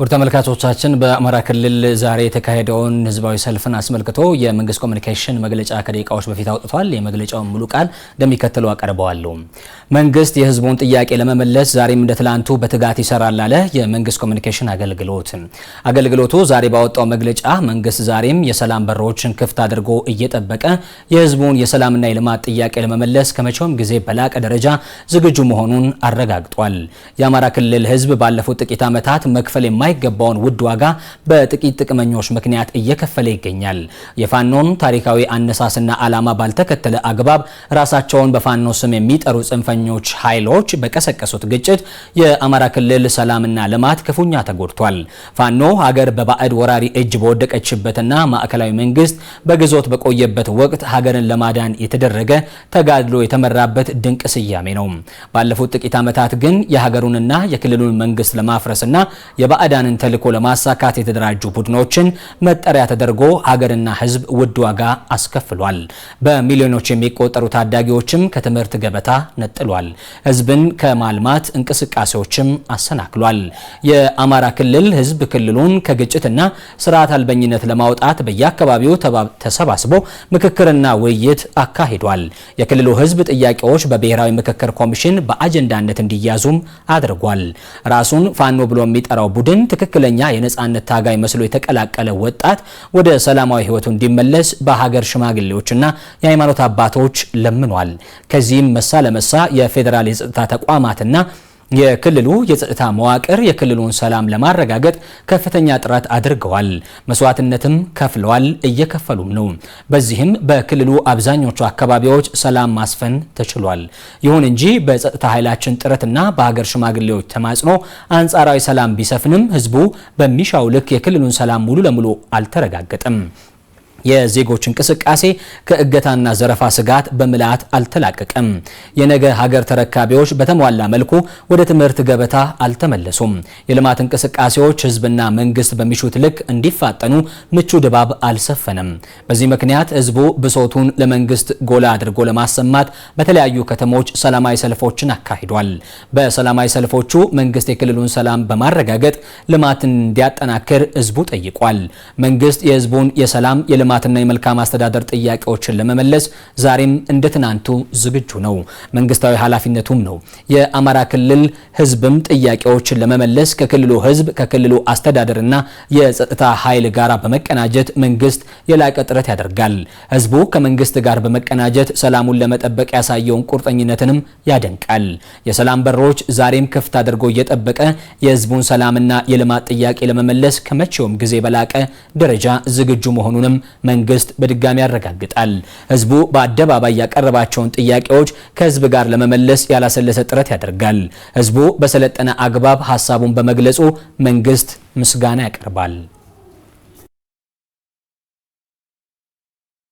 ወደ ተመልካቾቻችን በአማራ ክልል ዛሬ የተካሄደውን ህዝባዊ ሰልፍን አስመልክቶ የመንግስት ኮሚኒኬሽን መግለጫ ከደቂቃዎች በፊት አውጥቷል። የመግለጫውን ሙሉ ቃል እንደሚከተለው አቀርበዋለሁ። መንግስት የህዝቡን ጥያቄ ለመመለስ ዛሬም እንደ ትላንቱ በትጋት ይሰራል አለ የመንግስት ኮሚኒኬሽን አገልግሎት። አገልግሎቱ ዛሬ ባወጣው መግለጫ መንግስት ዛሬም የሰላም በሮችን ክፍት አድርጎ እየጠበቀ የህዝቡን የሰላምና የልማት ጥያቄ ለመመለስ ከመቼውም ጊዜ በላቀ ደረጃ ዝግጁ መሆኑን አረጋግጧል። የአማራ ክልል ህዝብ ባለፉት ጥቂት ዓመታት መክፈል የማ። የማይገባውን ውድ ዋጋ በጥቂት ጥቅመኞች ምክንያት እየከፈለ ይገኛል። የፋኖን ታሪካዊ አነሳስና ዓላማ ባልተከተለ አግባብ ራሳቸውን በፋኖ ስም የሚጠሩ ጽንፈኞች ኃይሎች በቀሰቀሱት ግጭት የአማራ ክልል ሰላምና ልማት ክፉኛ ተጎድቷል። ፋኖ ሀገር በባዕድ ወራሪ እጅ በወደቀችበትና ማዕከላዊ መንግስት በግዞት በቆየበት ወቅት ሀገርን ለማዳን የተደረገ ተጋድሎ የተመራበት ድንቅ ስያሜ ነው። ባለፉት ጥቂት ዓመታት ግን የሀገሩንና የክልሉን መንግስት ለማፍረስና የባዕድ የሱዳንን ተልዕኮ ለማሳካት የተደራጁ ቡድኖችን መጠሪያ ተደርጎ ሀገርና ሕዝብ ውድ ዋጋ አስከፍሏል። በሚሊዮኖች የሚቆጠሩ ታዳጊዎችም ከትምህርት ገበታ ነጥሏል። ሕዝብን ከማልማት እንቅስቃሴዎችም አሰናክሏል። የአማራ ክልል ሕዝብ ክልሉን ከግጭትና ስርዓት አልበኝነት ለማውጣት በየአካባቢው ተሰባስቦ ምክክርና ውይይት አካሂዷል። የክልሉ ሕዝብ ጥያቄዎች በብሔራዊ ምክክር ኮሚሽን በአጀንዳነት እንዲያዙም አድርጓል። ራሱን ፋኖ ብሎ የሚጠራው ቡድን ትክክለኛ የነጻነት ታጋይ መስሎ የተቀላቀለ ወጣት ወደ ሰላማዊ ህይወቱ እንዲመለስ በሀገር ሽማግሌዎችና የሃይማኖት አባቶች ለምኗል። ከዚህም መሳ ለመሳ የፌዴራል የጸጥታ ተቋማትና የክልሉ የጸጥታ መዋቅር የክልሉን ሰላም ለማረጋገጥ ከፍተኛ ጥረት አድርገዋል። መስዋዕትነትም ከፍለዋል፣ እየከፈሉም ነው። በዚህም በክልሉ አብዛኞቹ አካባቢዎች ሰላም ማስፈን ተችሏል። ይሁን እንጂ በጸጥታ ኃይላችን ጥረትና በሀገር ሽማግሌዎች ተማጽኖ አንጻራዊ ሰላም ቢሰፍንም ህዝቡ በሚሻው ልክ የክልሉን ሰላም ሙሉ ለሙሉ አልተረጋገጠም። የዜጎች እንቅስቃሴ ከእገታና ዘረፋ ስጋት በምልአት አልተላቀቀም። የነገ ሀገር ተረካቢዎች በተሟላ መልኩ ወደ ትምህርት ገበታ አልተመለሱም። የልማት እንቅስቃሴዎች ህዝብና መንግስት በሚሹት ልክ እንዲፋጠኑ ምቹ ድባብ አልሰፈነም። በዚህ ምክንያት ህዝቡ ብሶቱን ለመንግስት ጎላ አድርጎ ለማሰማት በተለያዩ ከተሞች ሰላማዊ ሰልፎችን አካሂዷል። በሰላማዊ ሰልፎቹ መንግስት የክልሉን ሰላም በማረጋገጥ ልማትን እንዲያጠናክር ህዝቡ ጠይቋል። መንግስት የህዝቡን የሰላም የልማትና የመልካም አስተዳደር ጥያቄዎችን ለመመለስ ዛሬም እንደ ትናንቱ ዝግጁ ነው። መንግስታዊ ኃላፊነቱም ነው። የአማራ ክልል ህዝብም ጥያቄዎችን ለመመለስ ከክልሉ ህዝብ ከክልሉ አስተዳደርና የጸጥታ ኃይል ጋር በመቀናጀት መንግስት የላቀ ጥረት ያደርጋል። ህዝቡ ከመንግስት ጋር በመቀናጀት ሰላሙን ለመጠበቅ ያሳየውን ቁርጠኝነትንም ያደንቃል። የሰላም በሮች ዛሬም ክፍት አድርጎ እየጠበቀ የህዝቡን ሰላምና የልማት ጥያቄ ለመመለስ ከመቼውም ጊዜ በላቀ ደረጃ ዝግጁ መሆኑንም መንግስት በድጋሚ ያረጋግጣል። ህዝቡ በአደባባይ ያቀረባቸውን ጥያቄዎች ከህዝብ ጋር ለመመለስ ያላሰለሰ ጥረት ያደርጋል። ህዝቡ በሰለጠነ አግባብ ሀሳቡን በመግለጹ መንግስት ምስጋና ያቀርባል።